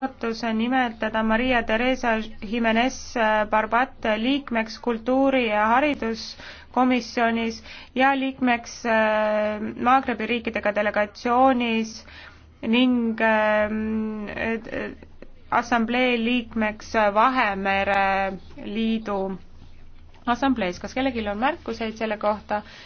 juhatuse nimetada Maria Theresa Jimenez Barbat liikmeks kultuuri- ja hariduskomisjonis ja liikmeks äh, Maagrebi riikidega delegatsioonis ning äh, assamblee liikmeks Vahemere Liidu assamblees. kas kellelgi on märkuseid selle kohta?